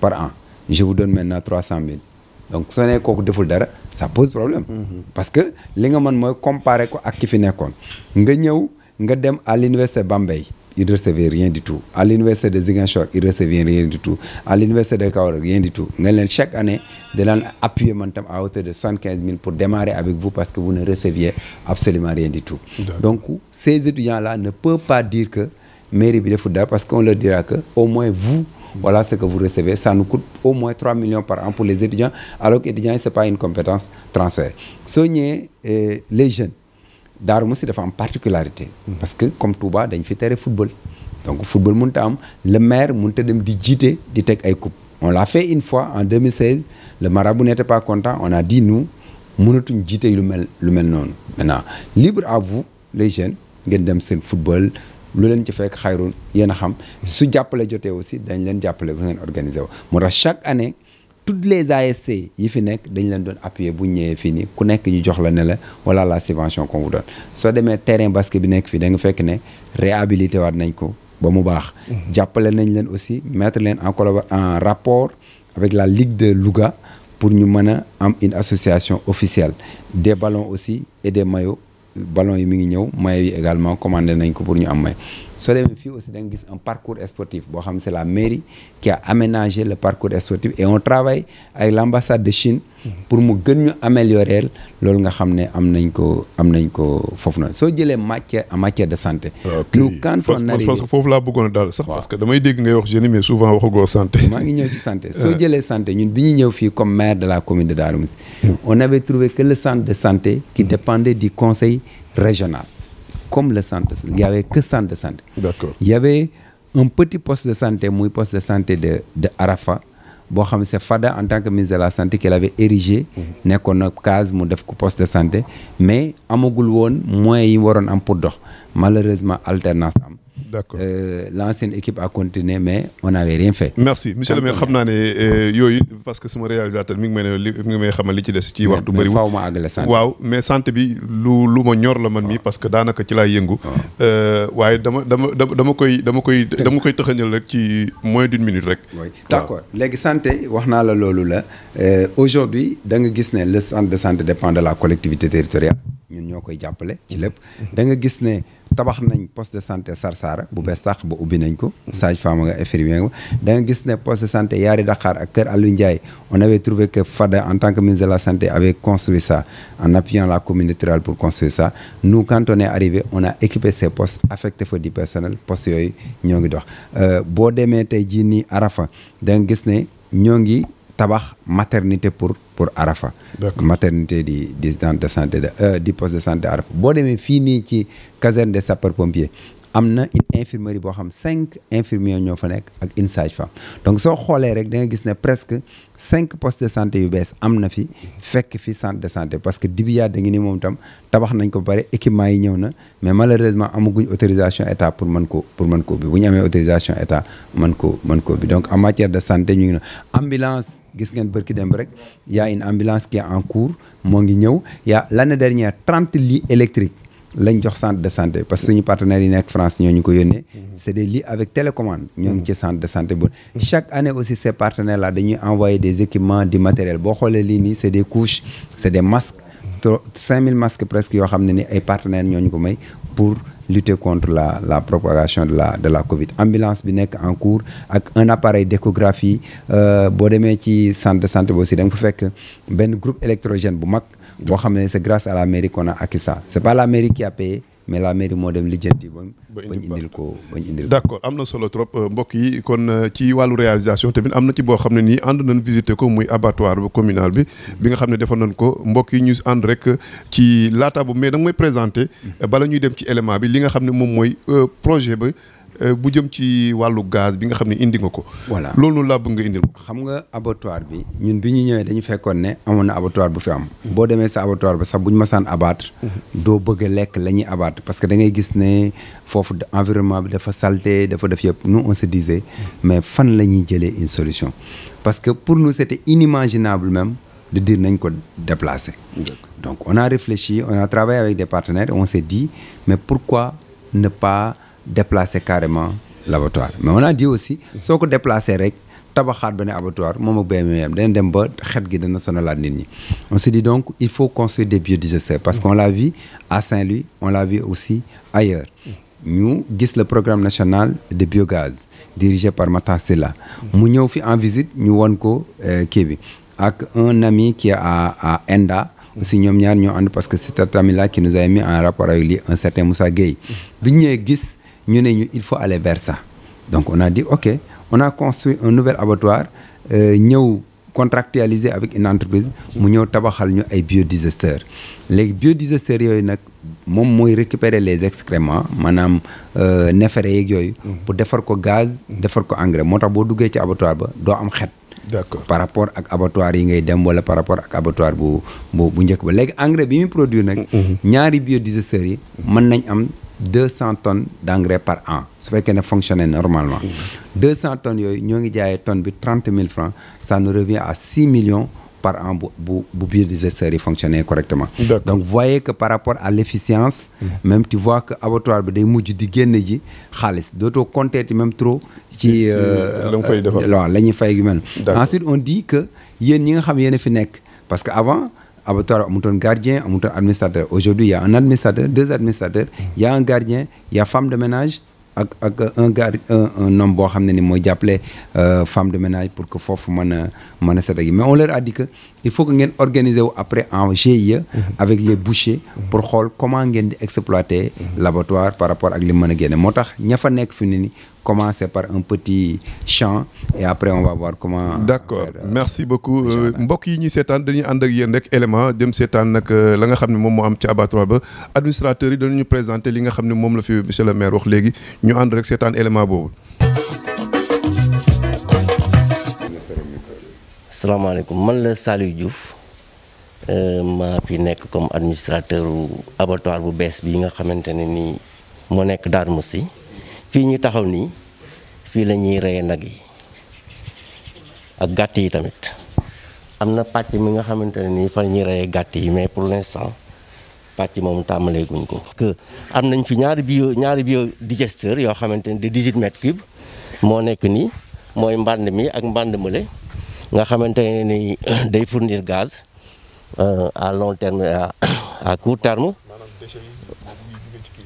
par an je vous donne trois cent mille donc soo nee deful dara ça mm-hmm. parce que li nga mën mooy comparer ko ak ki fi nekkoon nga ñëw nga dem à l'université Bambey il recevait rien du tout à l'université de Ziguinchor il recevait rien du tout à l'université de Kaolack rien du tout nga leen chaque année da leen appuyer man tam à hauteur de soixante-quinze mille pour démarrer avec vous parce que vous ne receviez absolument rien du tout donc ces étudiants là ne peuvent pas dire que mairie bi deful dara parce qu'on leur dira que au moins vous voilà ce que vous recevez ça nous coûte au moins 3 millions par an pour les étudiants alors que étudiants c'est pas une compétence euh, les jeunes Daaru si dafa am particularité mm-hmm. parce que comme Touba dañ fi tere football donc football mënut a am le maire mënut a dem di jiite di teg ay coupe on l'a fait une fois en 2016 le marabout n'était pas content on a dit nous mënatuñ jiite lu mel lu mel noonu maintenant libre à vous les jeunes ngeen dem seen football lu leen ci fekk xayru yéen a xam mm-hmm. su jàppale jote aussi dañ leen jàppale ba ngeen organiser wu moo chaque année tout les ASC yi fi nekk dañ leen doon appuyer bu ñëwee fii nii ku nekk ñu jox la ne la voilà la subvention qu'on vous donne soo demee terrain basket bi nekk fii da nga fekk ne réhabilité waat nañ ko ba mu baax. Mhm. jàppale nañ leen aussi mettre leen en collabo en rapport avec la Ligue de Louga pour ñu mën a am une association officielle des ballons aussi et des maillots ballons yi mi ngi ñëw maillots yi également commandé nañ ko pour ñu am may soo demee fii aussi da nga gis un parcours sportif boo xam c'est la mairie qui a aménagé le parcours sportif et on travaille avec l'ambassade de Chine pour mu gën ñu améliorer loolu nga xam ne am nañ ko am nañ ko foofu noonu soo jëlee matière en matière de santé nous quand on arrive foofu laa bëggoon daal sax parce que mais souvent waxagoo santé maa ngi ñëw santé soo jëlee santé ñun bi ñu ñëw fii comme maire de la commune de Darou Mousty hmm. on avait trouvé que le centre de santé qui hmm. dépendait du conseil régional comme le centre il y avait que centre de santé. d'accord y avait un petit poste de santé muy poste de santé de de Arafa boo xam se c'est Fada en tant que ministre la santé qu'il avait érigé. Mhm. nekkoon na case mu def ko poste de santé mais amagul woon moyens yi waroon am pour dox malheureusement alternance am. D'accord. Euh, l'ancienne équipe a continuer mais on n'avait rien fait. merci monsieur le xam naa ne euh, yooyu parce que sama réalisateur mi ngi may ne li mi ngi may xamal li ci des. ci waxtu bëriwul mais faaw ma àggale waaw mais santé bi lu lu ma ñor la man mi parce que daanaka ci laay yëngu. Euh, waaye dama dama dama koy dama koy. dama koy tëxañal rek ci moins d'une minute rek. oui d'accord léegi santé wax naa la loolu la euh, aujourd'hui da nga gis ne le centre de santé dépend de la collectivité territoriale ñun ñoo koy jàppale ci lépp mm-hmm. da nga gis ne. tabax nañ poste de santé Sarsara bu bees sax ba ubbi nañ ko sage femme nga infirmier nga da nga gis ne poste de santé Yaari Dakar ak Kër Aliou Ndiaye on avait trouvé que Fada en tant que ministre de la santé avait construit ça en appuyant la communauté rurale pour construire ça nous quand on est arrivé on a équipé ces postes affecté fa du personnel postes yooyu ñoo ngi dox euh, boo demee tey jii nii Arafa danga gis ne ñoo ngi tabax maternité pour pour Arafa. maternité di di centre de santé de euh, di poste de santé Arafa boo demee fii nii ci caserne de sapeur am na une infirmerie boo xam cinq infirmiers ñoo fa nekk ak une sage donc soo xoolee rek da nga gis ne presque cinq postes de santé yu bees am na fi fekk fi centre de santé parce que Dibia da ngi ni moom tam tabax nañ ko pare équipement yi ñëw na mais malheureusement amaguñ autorisation état pour man ko pour mën ko bi bu ñu amee autorisation état man ko man ko donc en de santé ñu ngi na ambulance gis ngeen bërki dem rek y a une ambulance qui en cours moo ngi ñëw y a l'année dernière trente lits électriques lañ jox centre de santé parce que suñu partenaires yi nekk ñu ko yónnee mhm. c' est des lits avec télécommande ñoo ngi mhm. ci centre de santé bu mhm. chaque année aussi ces partenaires là dañuy envoyé des équipements du matériel boo xoolee lii nii c' est des couches c' est presque yoo xam ne ni ay partenaires ñoo ñu ko may pour lutter contre la la propagation de la de la Covid ambulance bi nekk en cours ak un appareil d'échographie euh, boo demee ci centre de santé bi aussi da nga fa fekk benn groupe électrogène bu mag boo xam ne c' est grâce la mairie qu'on a acquis ça c' est pas la mairie qui a payé mais la mairie moo dem lijjanti ba bañ indil ko bañ indil ko d' accord am na solo trop euh, mbokk yi kon euh, ci wàllu réalisation tamit am na ci boo xam ne nii ànd nañ visiter ko muy abattoir communal bi bi nga xam ne defoon nañ ko mbokk yi ñu ànd rek euh, ci laata bu mais danga may présenter mm. bala ñuy dem ci élément bi li nga xam ne moom mooy projet bi Euh, bu jëm ci wàllu gaz bi nga xam ne indi nga ko. voilà loolu noonu laa bëgg nga indil xam nga abattoir bi ñun bi ñu ñëwee dañu fekkoon ne amoon na abattoir bu fi am. boo demee sa abattoir ba sax buñ ñu masaan abattre. Mhm. doo bëgg lekk la ñuy abattre parce que dangay gis ne foofu environnement bi dafa salté dafa def yëpp nu on se disait mhm. mais fan la ñuy jëlee une solution parce que pour nous c'était inimaginable meme de dire nañ ko déplacer. donc on a réfléchi on a travaillé avec des on s'est dit mais pourquoi ne pas déplacer carrément l'abattoir mais on a dit aussi soo ko déplacer rek tabaxaat benn abattoir moom ak BMM dana dem ba xet gi dana sonalaat nit ñi on se dit donc il faut construire des biodigesteur parce qu'on l'a vu à Saint-Louis on l'a vu aussi ailleurs ñu gis le programme national de biogaz dirigé par Matar la mu ñëw fi en visite ñu won ko euh, kii bi ak un ami ki est à à Enda aussi ñaar ñoo ànd parce que c'est cet ami là qui nous a mis en rapport avec lui un certain Moussa Gueye ñu ne ñu il faut aller vers ça donc on a dit ok on a construit un nouvel abattoir euh, ñëw contractualisé avec une entreprise mu ñëw tabaxal ñu ay biodigesteurs léegi biodigesteurs yooyu nag moom mooy récupérer les excréments maanaam euh, neefere yeeg yooyu mm-hmm. pour defar ko gaz mm-hmm. defar ko engrais moo tax boo duggee ci abattoir ba doo am xet d'accord par rapport ak abattoir yi ngay dem wala par rapport ak abattoir bu bu bu njëkk ba léegi engrais bi muy produire nag mm-hmm. ñaari biodigesteurs yi mën nañ am deux cent tonnes d' engrais par an su fekkee ne fonctionné normalement. deux cent tonnes yooyu ñoo ngi jaayee ton bi trente mille francs ça nous revient à six millions par an bu bu bu biodigesteur yi fonctionner correctement. donc voyez que par rapport à l' efficience. Mm-hmm. même tu vois que abattoir bi day mujj di génn ji xaalis dootoo compter même trop. ci euh, euh, waaw la ñuy fay yu mel. ensuite on dit que yéen ñi nga xam yéen fi nekk parce que avant. abattoir amutoon gardien amutoon administrateur aujourd'hui il y a un administrateur deux administrateurs il y a un gardien il y de ménage ak ak un gar un boo xam ne ni mooy jàppale euh, femme de ménage pour que foofu mën a mën a setal gi mais on leur a dit il faut que ngeen organiser wu après en GIE avec les bouchers pour xool comment ngeen di exploiter l'abattoir par rapport ak li mën a génne moo tax ña fa nekk fi ni ni commencer par un petit chant et après on va comment. d'accord faire, euh, merci beaucoup euh, mbokk yi ñuy seetaan dañuy ànd ak yéen rek élément dem seetaan nag euh, la nga xam ne moom moo am ci abattoir ba administrateur yi dañu ñu présenté li nga xam ne moom la fi monsieur le maire wax léegi ñu ànd rek seetaan élément boobu. asalaamaaleykum man la Saliou Diouf maa fi nekk comme administrateur abattoir bu bees bi nga xamante ne nii moo nekk Darou Moussi. fii ñu taxaw nii fii la ñuy reye nag yi ak gàtt yi tamit am na pàcc mi nga xamante ne nii fa ñuy reyee gàtt yi mais pour l'instant pàcc moom tàmbalee ko. parce am nañ fi ñaari bio ñaari bio digesteur yoo xamante ne de 18 mètres cubes moo nekk nii mooy mbànd mi ak mbànd mële nga xamante ne ni day fournir gaz euh, à long terme à à court terme.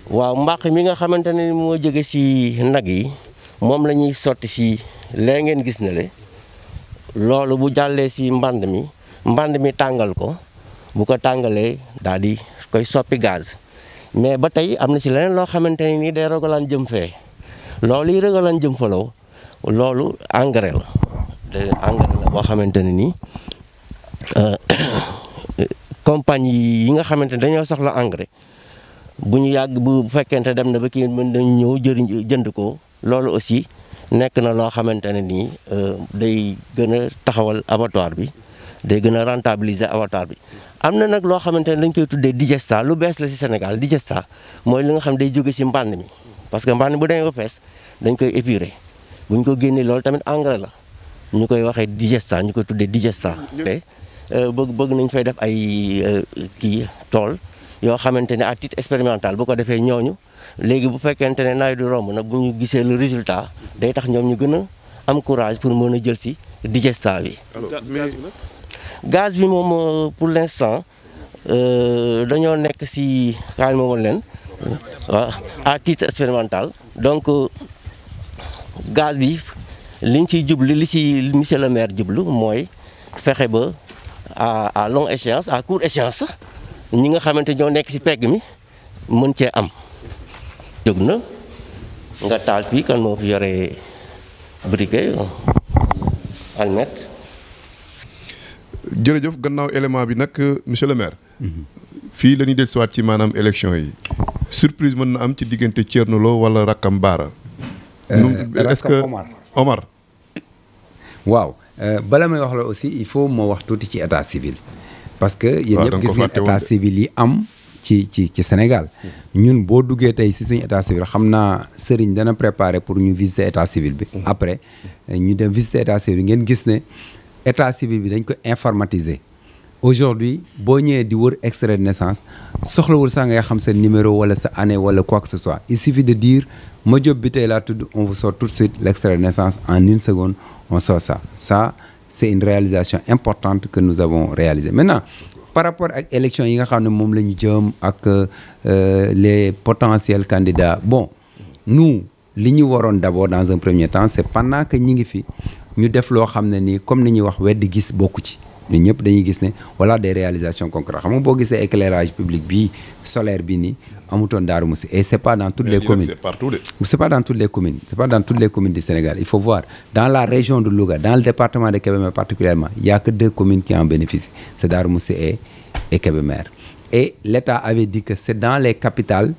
waaw mbàq mi nga xamante ne moo jóge si nag yi moom la ñuy sotti si lee ngeen gis na le loolu bu jàllee si mbànd mi mbànd mi tàngal ko bu ko tàngalee daal di koy soppi gaz mais ba tey am na si leneen loo xamante ne nii day rogalaan jëm fee loolu yi jëm faloo loolu engrais la engrais la boo xamante ne nii euh, compagnie yi nga xamante ne dañoo soxla engrais bu ñu yàgg bu fekkente dem na ba kii mën nañ ñëw jëriñ jënd ko loolu aussi nekk na loo xamante ne nii euh, day gën a taxawal abattoir bi day gën a rentabiliser abattoir bi. am na nag loo xamante ne dañ koy tuddee digesta lu bees la si Sénégal digesta mooy li nga xam day jóge ci mbànn mi parce que mbànn bu demee ba fees dañ koy épurer bu ñu ko génnee loolu tamit engrais la ñu koy waxee digesta ñu koy tuddee digesta. te euh, bëgg bëgg nañ fay def ay euh, kii tool. yoo xamante ne à titre expérimental bu ko defee ñooñu léegi bu fekkente ne nawet du romb nag bu ñu gisee lu résultat day tax ñoom ñu gën a am courage pour mën a jël si digestat bi. gaz bi moom euh, pour l'instant euh, dañoo nekk si kaay moomal leen waaw euh, à titre expérimental donc gaz bi liñ ciy jublu li si monsieur le maire jublu mooy fexe ba à à longue échéance à courte échéance. ñi nga xamante ñoo nekk ci pegg mi mën cee am jóg na nga taal fii kan moo fi yore briquet almet jërëjëf gannaaw élément bi nag monsieur le maire. Mhm. fii lañuy ñuy dellusiwaat ci maanaam élection yi surprise mën na am ci diggante Thierno Lo wala Rakam Baara. Euh, est-ce que Omar. waaw euh, bala may wax la aussi il faut moo wax tuuti ci état civil. parce que yéen ñëpp gis ngeen état civil yi am ci ci ci Sénégal ñun boo duggee tey si suñu état civil xam naa Serigne dana préparer pour ñu visiter état civil bi mm-hmm. après ñu dem visiter état civil ngeen gis ne état civil bi dañ ko informatiser aujourd'hui boo ñëwee di wër extrait de naissance soxlawul sax ngay xam seen numéro wala sa année wala quoi que ce soit il suffit de dire Madiop bi tey laa tudd on vous sort tout de suite l'extrait de naissance en une seconde on sort ça ça c'est une réalisation importante que nous avons réalisée na par rapport ak élection yi nga xam ne moom la ñu jëm ak euh, les potentiels candidats bon nu li ñu waroon d'abord dans un premier temps c'est pendant que ñi ngi fi ñu def loo xam ne nii comme ni ñuy wax weddi gis bokku ci ñun ñëpp dañuy gis ne voilà des réalisations concrètes xam nga boo gisee éclairage public bii solaire bi nii amutoon Darou Moussi et c'est pas dans toutes les communes c'est partout c'est pas dans toutes les communes c'est pas dans toutes les communes du Sénégal il faut voir dans la région de Louga dans le département de Kébémer particulièrement il a que deux communes qui en bénéficient c'est Darou Moussi et et Kébémer et l'État avait dit que c'est dans les capitales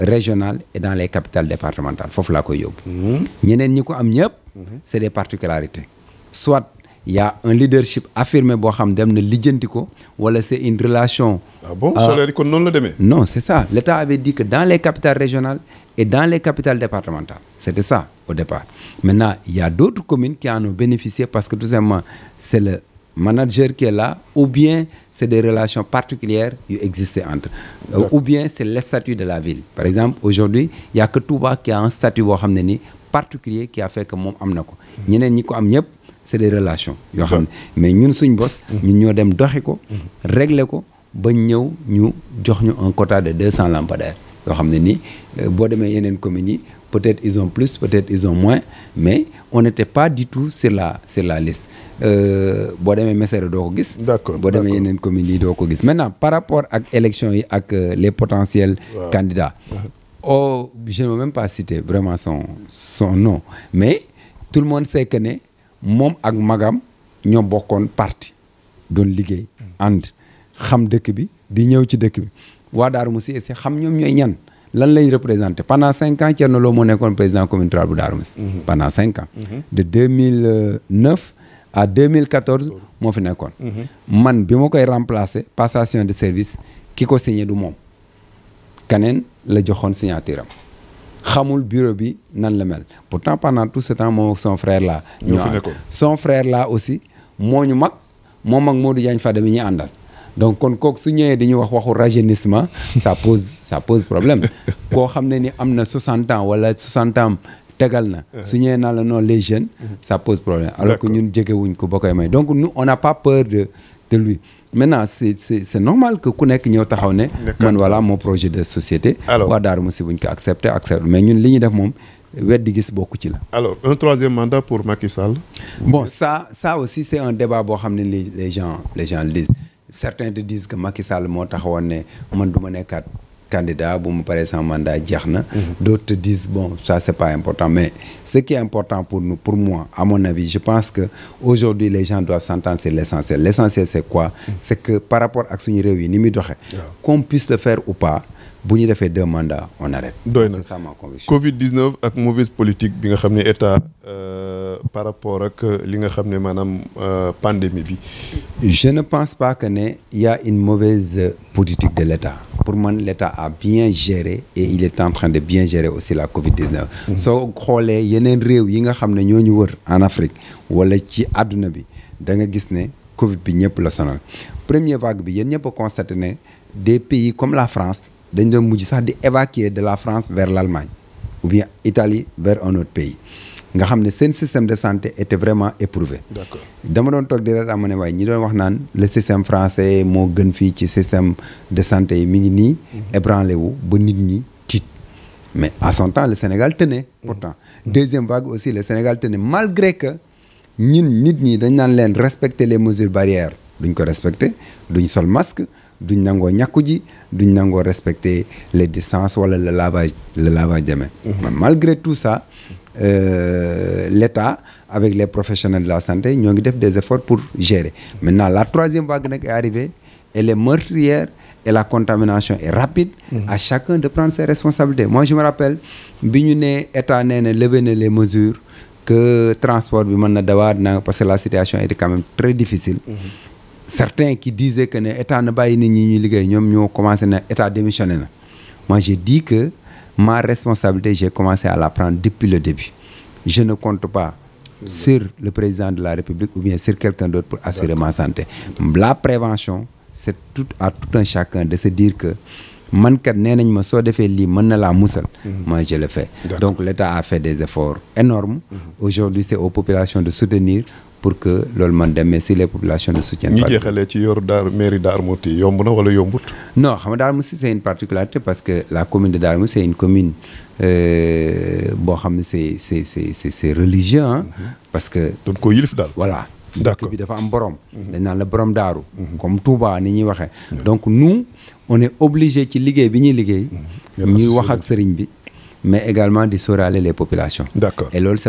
régionales et dans les capitales départementales foofu laa koy yóbbu mhm. ñeneen ñi ko am ñëpp mhm. c'est des particularités soit yaa un leadership affirmé boo xam dem na lijjanti ko wala c'est une relation. ah bon solaire euh, kon noonu la demee. non c'est ça l'État avait dit que dans les capitales régionales et dans les capitales départementales c'était ça au départ maintenant il y a d'autres communes qui en ont bénéficié parce que tout simplement c'est le manager qui est là ou bien c'est des relations particulières yu existent entre euh, ou bien c'est le statut de la ville par exemple aujourd'hui il y a que Touba boo xam ne ni particulier qui a moom am na ko hmm. ñeneen ñi ko am ñëpp c'est des relations yoo xam ne mais ñun suñ bos mm-hmm. ñun ñoo dem doxi ko mm-hmm. régler ko ba ñëw ñu jox ñu en quota de deux cents lampadaires yoo xam ne nii euh, boo demee yeneen communes yi peut-être ils ont plus peut-être ils ont moins mais on n'était pas du tout sur la sur la liste euh, boo demee Mesere doo ko gis d'accord boo demee yeneen communes yi doo ko gis maintenant par rapport ak élection yi ak euh, les potentiels wow. candidats oh je même pas citer vraiment son son nom mais tout le monde sait que moom ak magam ñoo bokkoon parti doon liggéey ànd xam dëkk bi di ñëw ci dëkk bi waa Daaru Musi si xam ñoom ñooy ñan lan lay représenté pendant cinq ans Thierno Lo moo nekkoon président commune rurale bu Daaru Musi mhm. pendant cinq ans mhm. de 2009 à 2014 moo fi nekkoon mhm. man bi moo koy remplacer passation de service ki ko signé du moom kaneen la joxoon signature am xamul bureau bi nan la mel pourtant pendant tout ce temps moom ak son frère là. ñoo son frère là aussi moo ñu mag moom moo Modou Diagne fade mi ñu àndal. donc kon kook su ñëwee di ñu wax waxu rajeunissement ça pose ça pose problème koo xam ne ni am na 60 ans wala 60 ans tegal na. su ñëwee naa la non les jeunes. Mm-hmm. ça pose problème alors que ñun jegewuñ ko ba koy may donc nous on n'a pas peur de. de lui maintenant c'est normal ku nekk ñëw taxaw ne man voilà moo projet de société waa Darou Mousty buñ ko accepté accepté mais ñun li ñuy def moom weddi gis bokku ci la alo un troisième mandat pour Macky Sall bon ça ça aussi c'est un débat boo xam ne les gens les gens disent certains de disent que Macky Sall moo taxawoon ne man du ma nekkaat candidat bu mu paree sama mandat jeex mhm. d'autres disent bon c'est pas important mais ce qui est important pour nous pour moi à mon avis je pense que aujourd'hui les gens doivent s'entendre sur l'essentiel l'essentiel c'est quoi. Mhm. c'est que par rapport ak suñu réew yi ni muy doxee. qu'on puisse le faire ou pas. bu ñu defee deux mandats on arrête. doy na c'est ça ma conviction. Covid 19 ak mauvaise politique bi nga xam ne état euh, par rapport ak euh, li nga xam ne maanaam euh, pandémie bi. je ne pense pas que ne y a une mauvaise politique de l'État. pour man l'État a bien géré et il est en de bien géré aussi la Covid 19. Mm-hmm. soo xoolee yeneen réew yi nga xam ne ñoo ñu wër en Afrique wala ci àdduna bi da nga gis ne Covid bi ñëpp la sonal premier vague bi yéen ñëpp a constaté ne des pays comme la France. dañ doon mujj sax di évacuer de la France vers l'Allemagne ou bien Italie vers un autre pays nga xam ne seen système de santé était vraiment éprouvé. d'accord dama doon toog di reetaan ma ne ñi doon wax naan le système français moo gën fii ci système de santé yi mi ngi nii. Mhm. ébranlé wu ba nit ñi tiit. mais à son temps le Sénégal tenait mhm. pourtant mhm. deuxième vague aussi le Sénégal tenait malgré que ñun nit ñi dañ naan leen respecter les mesures barrières duñ ko respecter duñ sol masque. duñ nangoo ñàkku ji duñ nangoo respecter les distances wala le lavage le lavage des mains mhm. malgré tout ça euh, l'État avec le professionnels de la santé ñoo ngi def des efforts pour gérer maintenant la troisième vague nag est arrivée elle est meurtrière et la contamination est rapide mm -hmm. chacun de prendre ses responsabilités moi je me rappelle bi ñu ne État nee na levé na les mesures que transport bi mën na dawaat na parce que la situation était quand même très difficile mhm. certains qui disaient que ne état na bàyyi na ñi ñuy liggéey ñoom ñoo commencé na état démissionné na moi j'ai dit que ma responsabilité j'ai commencé à la prendre depuis le début je ne compte pas sur le président de la République ou bien sur quelqu'un d'autre pour assurer ma santé la prévention c'est tout à tout un chacun de se dire que man kat nee nañ ma soo defee lii mën na laa musal mhm. moi je le fais donc l'État a fait des efforts énormes mhm. aujourd'hui c'est aux populations de soutenir pour que loolu man dem mais si les populations ne soutiennent pas. ñu jeexalee ci yor daar mairie Darou Mouhty yomb na wala yombut. non xam nga Darou Mouhty c' particularité parce que la commune de Darou Mouhty c' commune euh, boo xam ne c' est c' est c' est c' parce que. doon ko yilif daal voilà. dëkk bi dafa am borom. Mm-hmm. dañ naan la borom daaru. Mm-hmm. comme Touba ni ñuy waxee. don nu on est obligé ci liggéey bi ñuy liggéey. Mm-hmm. ñuy wax ak sëriñ bi. mais également di sóoraale les populations. d' accord et loolu c'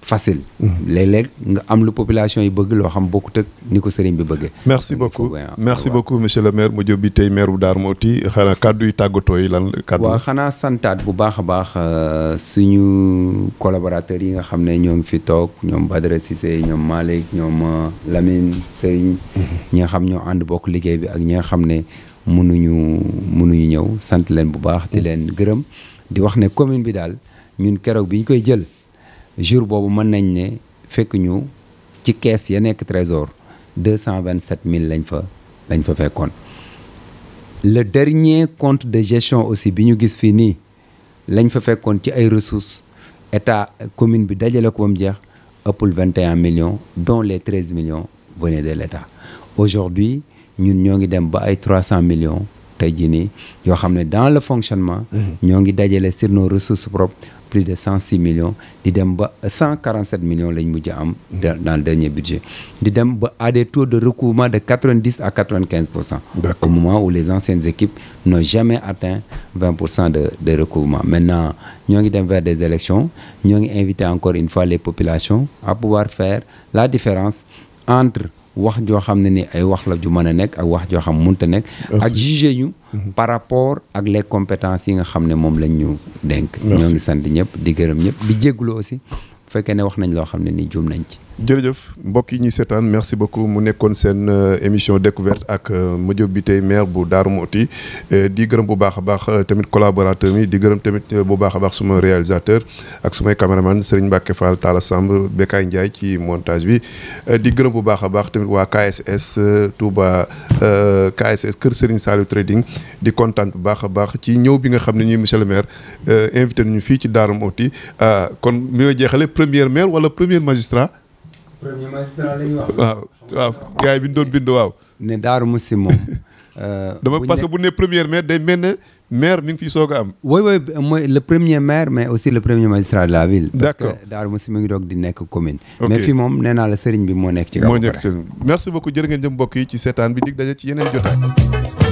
facile. Mm-hmm. léeg-léeg nga am lu population yi bëgg loo xam bokkut ak ni ko sëriñ bi bëggee. merci beaucoup merci beaucoup monsieur le maire Madiop bi tey maire bu moo ti xanaa kàddu yi tàggatoo yi lan. kàddu waaw xanaa santaat bu baax a baax euh, suñu collaborateurs yi nga xam ne ñoo ngi fi toog ñoom si Cissé ñoom Malick ñoom euh, Lamine Sëriñ mm-hmm. ñi nga xam ñoo ànd bokk liggéey bi ak ñi nga xam ne mënuñu mënuñu ñëw sant leen bu baax. di mm-hmm. leen gërëm di wax ne commune bi daal ñun keroog bi ñu koy jël. jur boobu mën nañ ne fekk ñu ci kees ya nekk trésor deux cent vingt sept mille lañ fa lañ fa fekkoon le dernier compte de gestion aussi bi ñu gis fii nii lañ fa fekkoon ci ay ressource état commune bi dajale ko ba mu jeex ëppul vingt et un millions dont les treize millions venaient de l'état aujourd'hui ñun ñoo ngi dem ba ay trois cent millions tey jii nii yoo xam ne dans le fonctionnement. Mmh. ñoo ngi dajale sur nos ressources plus de 106 millions di dem ba 147 millions lañ mujj am. dans le dernier budget. di dem ba à des taux de recouvrement de à pour cent. au moment les anciennes équipes n'ont jamais atteint de de recouvrement maintenant ñoo ngi dem vers des élections ñoo ngi invité encore une fois les populations à pouvoir faire la différence wax joo xam ne ni ay wax la ju mën a nekk ak wax joo xam munta nekk ak jugé ñu mhm. par rapport ak les compétence yi nga xam ne moom lañ ñu dénk ñoo ngi sant ñëpp di gërëm ñëpp di jégglu si bu fekkee ne wax nañ loo xam ne nii juum nañ ci jërëjëf mbokk yi ñuy seetaan merci beaucoup mu nekkoon seen euh, émission découverte ak euh, bi Bitèye maire bu Darou Mouhty euh, di gërëm bu baax a baax tamit collaborateur mi di gërëm tamit bu baax a baax suma réalisateur ak sumay caméraman Serigne Mbacke Fall Talla Samb Bekay Ndiaye ci montage bi di gërëm bu baax a baax tamit waa KSS Touba KSS Kër Serigne Saliou Trading di kontaan bu baax a baax ci ñëw bi nga xam ne ñuy monsieur le maire invité nañu fii ci Darou Mouhty kon ñoo jeexale premier maire wala premier magistrat premier magistrat lañu wax. bi ñu waaw. ne Darou Moussi moom. dama euh, parce que bu ne première maire day mel ne maire mi ngi fiy soog a am. oui oui mooy le premier maire mais aussi le premier magistrat de la ville. d' accord parce ngi doog di nekk commune. mais fii moom nee naa la sëriñ bi moo nekk ci. moo nekk ci merci beaucoup jëm mbokk yi ci seetaan bi dig daje ci yeneen jotaay.